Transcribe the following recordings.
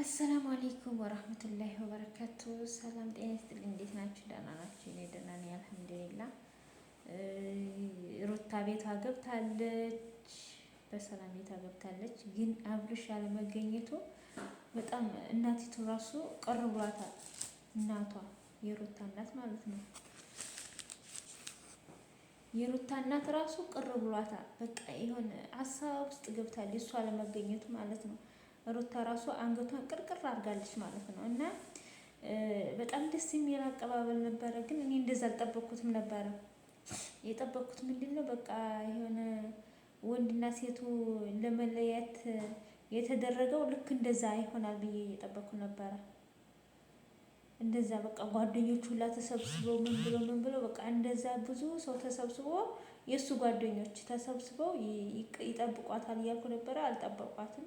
አሰላሙ አሌይኩም ወራህመቱላሂ ወበረካቱ። ሰላም ጤና ይስጥልኝ። እንዴት ናችሁ? ደህና ናችሁ? እኔ ደህና ነኝ አልሐምዱሊላህ። ሩታ ቤቷ ገብታለች፣ በሰላም ቤቷ ገብታለች። ግን አብርሽ ያለመገኘቱ በጣም እናቲቱ ራሱ ቅር ብሏታል። እናቷ የሩታ እናት ማለት ነው። የሩታ እናት ራሱ ቅር ብሏታል። በቃ የሆነ ሀሳብ ውስጥ ገብታለች፣ እሷ አለመገኘቱ ማለት ነው። ሩታ ራሱ አንገቷን ቅርቅር አድርጋለች ማለት ነው። እና በጣም ደስ የሚል አቀባበል ነበረ። ግን እኔ እንደዛ አልጠበቅኩትም ነበረ። የጠበቅኩት ምንድን ነው በቃ የሆነ ወንድና ሴቱ ለመለየት የተደረገው ልክ እንደዛ ይሆናል ብዬ እየጠበቅኩ ነበረ። እንደዛ በቃ ጓደኞቹ ሁላ ተሰብስበው ምን ብሎ ምን ብሎ በቃ እንደዛ ብዙ ሰው ተሰብስቦ የእሱ ጓደኞች ተሰብስበው ይጠብቋታል እያልኩ ነበረ። አልጠበቋትም።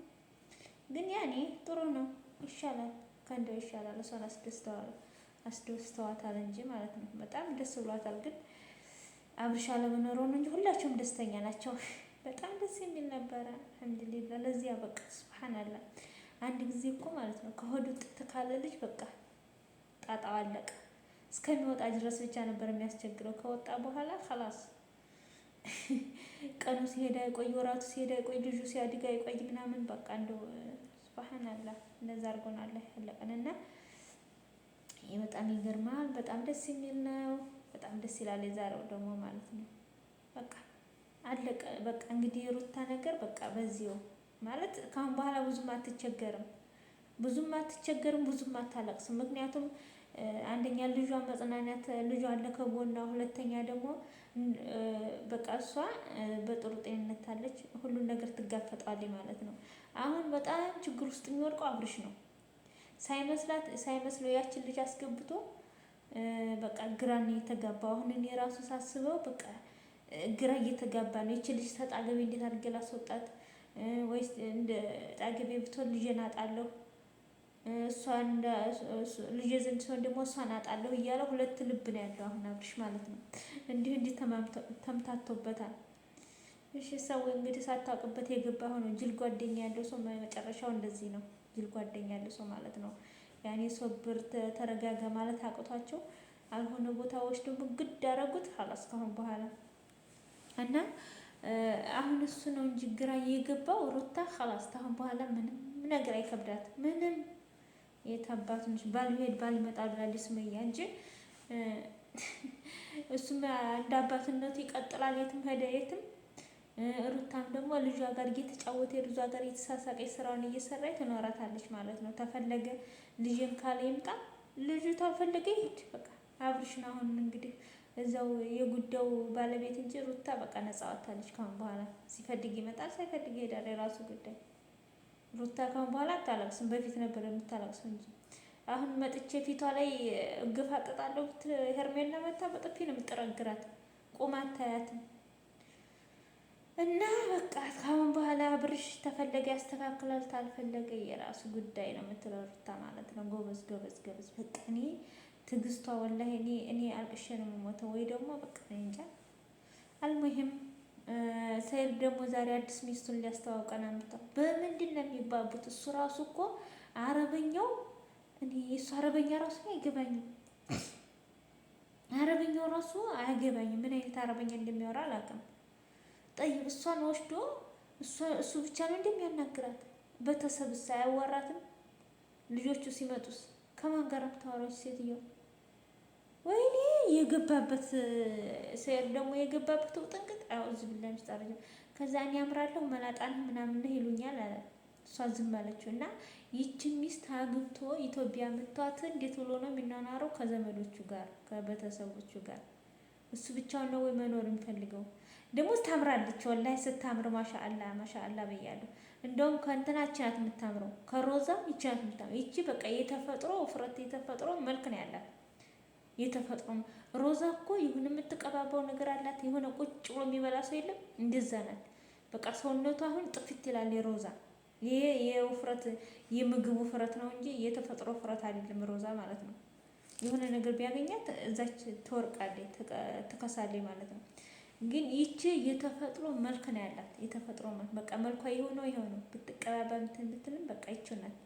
ግን ያኔ ጥሩ ነው ይሻላል፣ ከእንደው ይሻላል። እሷን አስደስተዋታል እንጂ ማለት ነው። በጣም ደስ ብሏታል። ግን አብርሻ ለመኖረው ነው እንጂ ሁላቸውም ደስተኛ ናቸው። በጣም ደስ የሚል ነበረ። አልሐምዱሊላ ለዚያ በቃ ስብሓንላ አንድ ጊዜ እኮ ማለት ነው ከሆዱ ጥት ካለ ልጅ በቃ ጣጣው አለቀ። እስከሚወጣ ድረስ ብቻ ነበር የሚያስቸግረው። ከወጣ በኋላ ከላስ ቀኑ ሲሄድ አይቆይ፣ ወራቱ ሲሄድ አይቆይ፣ ልጁ ሲያድግ አይቆይ ምናምን በቃ እንደው ስብሓንላ እንደዛ አድርጎናል ያለቀንና ይህ በጣም ይገርማል። በጣም ደስ የሚል ነው። በጣም ደስ ይላል። የዛሬው ደግሞ ማለት ነው በቃ አለቀ። በቃ እንግዲህ የሩታ ነገር በቃ በዚሁ ማለት ከአሁን በኋላ ብዙም አትቸገርም፣ ብዙም አትቸገርም፣ ብዙም አታለቅስም። ምክንያቱም አንደኛ ልጇ መጽናናት ልጇ አለ ከጎኗ፣ ሁለተኛ ደግሞ በቃ እሷ በጥሩ ጤንነት አለች። ሁሉን ነገር ትጋፈጠዋለች ማለት ነው። አሁን በጣም ችግር ውስጥ የሚወድቀው አብርሽ ነው። ሳይመስላት ሳይመስለው ያችን ልጅ አስገብቶ በቃ ግራ ነው የተጋባው። አሁን እኔ ራሱ ሳስበው በቃ ግራ እየተጋባ ነው። ይቺ ልጅ ተጣገቤ እንዴት አድርጌ ላስወጣት? ወይስ እንደ ጣገቤ ብትሆን ልጄን አጣለሁ፣ እሷን ልጄ ዘንድ ሲሆን ደግሞ እሷን አጣለሁ እያለ ሁለት ልብ ነው ያለው አሁን አብርሽ ማለት ነው። እንዲህ እንዲህ ተምታቶበታል። እሺ ሰው እንግዲህ ሳታውቅበት የገባ ሆኖ ጅል ጓደኛ ያለው ሰው መጨረሻው እንደዚህ ነው። ጅል ጓደኛ ያለው ሰው ማለት ነው። ያኔ ሶብር ተረጋጋ ማለት አቅቷቸው አልሆነ ቦታዎች ደግሞ ግድ ያደረጉት ሀላስ ካሁን በኋላ እና አሁን እሱ ነው እንጂ ግራ የገባው ሩታ ሀላስ ታሁን በኋላ ምንም ነገር አይከብዳት ምንም የታባቱ እንጂ ባልሄድ ባልመጣ ብላለች ስመያ እንጂ እሱም እንደ አባትነቱ ይቀጥላል የትም ሄደ የትም ሩታም ደግሞ ልጇ ጋር እየተጫወተ ልጇ ጋር እየተሳሳቀች ስራውን እየሰራ ትኖራታለች ማለት ነው። ተፈለገ ልጅም ካለ ይምጣ፣ ልጁ ተፈለገ ይሄድ። በቃ አብርሽን አሁን እንግዲህ እዛው የጉዳዩ ባለቤት እንጂ ሩታ በቃ ነፃ ወጥታለች። ካሁን በኋላ ሲፈልግ ይመጣል፣ ሳይፈልግ ይሄዳል። የራሱ ጉዳይ። ሩታ ካሁን በኋላ አታለቅስም። በፊት ነበር የምታለቅሰው እንጂ አሁን መጥቼ ፊቷ ላይ እግፋ አጠጣለሁ ብት ሄርሜላ መታ በጥፊ ነው የምትረግራት። ቁም አታያትም። እና በቃ ካሁን በኋላ ብርሽ ተፈለገ ያስተካክላል፣ ታልፈለገ የራሱ ጉዳይ ነው የምትለው ሩታ ማለት ነው። ጎበዝ ጎበዝ ጎበዝ። በቃ እኔ ትግስቷ ወላሂ እኔ እኔ አልቅሼ ነው የምሞተው ወይ ደግሞ በቃ እንጃ። አልሙሂም ሰይድ ደግሞ ዛሬ አዲስ ሚስቱን ሊያስተዋውቀን አምጥቷል። በምንድን ነው የሚባቡት? እሱ ራሱ እኮ አረበኛው እኔ እሱ አረበኛ ራሱ አይገባኝም። አረበኛው ራሱ አያገባኝም። ምን አይነት አረበኛ እንደሚያወራ አላውቅም። ጠይብ እሷን ወስዶ እሱ ብቻ ነው እንደሚያናግራት በተሰብሳ አያዋራትም። ልጆቹ ሲመጡስ ከማን ጋር አታወራች ሴትዮ? ወይኔ የገባበት ሰይር ደግሞ የገባበት ውጥንቅጥ አውዝ ብለን ስታረጀ ከዛ እኔ አምራለሁ መላጣን ምናምን ይሉኛል አለ። እሷ ዝም አለችው እና ይቺ ሚስት አግብቶ ኢትዮጵያ ምቷት እንዴት ብሎ ነው የሚናናረው? ከዘመዶቹ ጋር ከቤተሰቦቹ ጋር እሱ ብቻውን ነው ወይ መኖር የምፈልገው ደግሞ ታምራለች፣ ወላሂ ስታምር ማሻአላ ማሻአላ በያለሁ። እንደውም ከእንትናችን ናት የምታምረው፣ ከሮዛ ይቺ ናት የምታምረው። ይቺ በቃ የተፈጥሮ ውፍረት የተፈጥሮ መልክ ነው ያላት የተፈጥሮ ሮዛ እኮ ይሁን የምትቀባባው ነገር አላት። የሆነ ቁጭ ብሎ የሚበላ ሰው የለም እንደዛ ናት። በቃ ሰውነቱ አሁን ጥፍት ይላል የሮዛ ይሄ የውፍረት የምግብ ውፍረት ነው እንጂ የተፈጥሮ ውፍረት አይደለም ሮዛ ማለት ነው። የሆነ ነገር ቢያገኛት እዛች ትወርቃለች፣ ትከሳለች ማለት ነው። ግን ይቺ የተፈጥሮ መልክ ነው ያላት። የተፈጥሮ መልክ በቃ መልኳ የሆነው ይኸው ብትቀባባ እንትን ብትልም በቃ ይቺው ናት።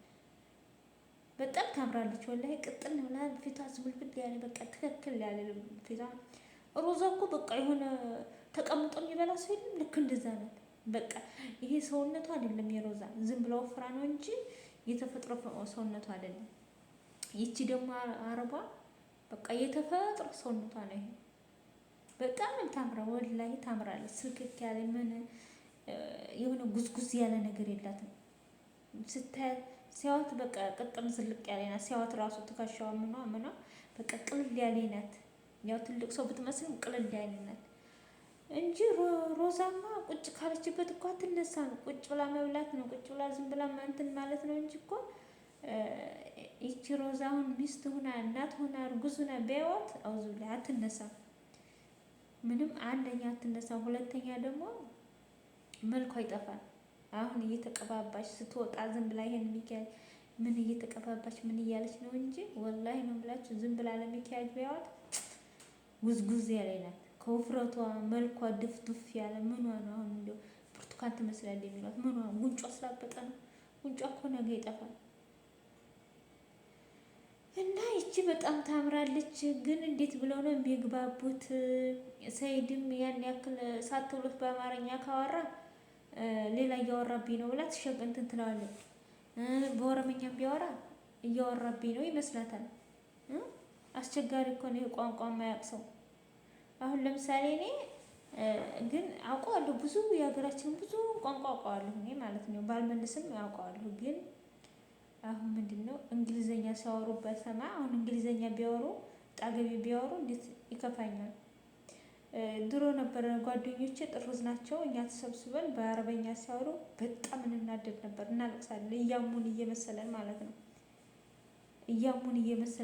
በጣም ታምራለች። ወላሂ ቅጥል ብላ ፊቷ ዝብልብል ያለ በቃ ትክክል ያለ ፊቷ። ሮዛ እኮ በቃ የሆነ ተቀምጦ የሚበላ ሰው የለም። ልክ እንደዛ ናት። በቃ ይሄ ሰውነቷ አይደለም የሮዛ ዝም ብላ ወፍራ ነው እንጂ የተፈጥሮ ሰውነቷ አይደለም። ይቺ ደግሞ አረቧ በቃ የተፈጥሮ ሰውነቷ ነው። ይሄ በጣም ታምራ ወላሂ ታምራለች። ስልክክ ያለ ምን የሆነ ጉዝጉዝ ያለ ነገር የላትም። ስታያት ሲያዋት በቃ ቅጥም ዝልቅ ያለ ናት። ሲያዋት ራሱ ትከሻዋ ምኗ ምኗ በቃ ቅልል ያለ ናት። ያው ትልቅ ሰው ብትመስልም ቅልል ያለ ናት እንጂ ሮዛማ ቁጭ ካለችበት እኮ አትነሳም። ቁጭ ብላ መብላት ነው። ቁጭ ብላ ዝም ብላ እንትን ማለት ነው እንጂ እኮ ይቺ አሁን ሚስት ሁና እናት ሁና እርጉዝ ሁና ቢያወት አውዙላ አትነሳም። ምንም አንደኛ አትነሳ ሁለተኛ ደግሞ መልኳ ይጠፋል። አሁን እየተቀባባች ስትወጣ ዝም ብላ ይሄን ሚካኤል ምን እየተቀባባች ምን እያለች ነው እንጂ ወላሂ ነው ብላችሁ ዝም ብላ ለሚካኤል ቢያወት ጉዝጉዝ ያለ ናት። ከውፍረቷ መልኳ ድፍዱፍ ያለ ምኗ ነው አሁን እንዲያው ብርቱካን ትመስላለች የሚሏት ምኗ ጉንጯ ስላበጠ ነው። ጉንጯ እኮ ነገ ይጠፋል። እና ይቺ በጣም ታምራለች፣ ግን እንዴት ብለው ነው የሚግባቡት? ሰይድም ያን ያክል ሳትውሉት በአማርኛ ካወራ ሌላ እያወራብኝ ነው ብላ ትሸቅ እንትን ትለዋለች። በኦሮምኛም ቢያወራ እያወራብኝ ነው ይመስላታል። አስቸጋሪ እኮ ነው ቋንቋ የማያውቅ ሰው። አሁን ለምሳሌ እኔ ግን አውቀዋለሁ ብዙ የሀገራችን ብዙ ቋንቋ አውቀዋለሁ እኔ ማለት ነው፣ ባልመልስም አውቀዋለሁ ግን አሁን ምንድነው እንግሊዘኛ ሲያወሩ በሰማ አሁን እንግሊዘኛ ቢያወሩ ጣገቢ ቢያወሩ እንዴት ይከፋኛል። ድሮ ነበረ ጓደኞቼ ጥሩዝ ናቸው። እኛ ተሰብስበን በአረበኛ ሲያወሩ በጣም እንናደድ ነበር፣ እናለቅሳለን እያሙን እየመሰለን ማለት ነው። እያሙን እየመሰለን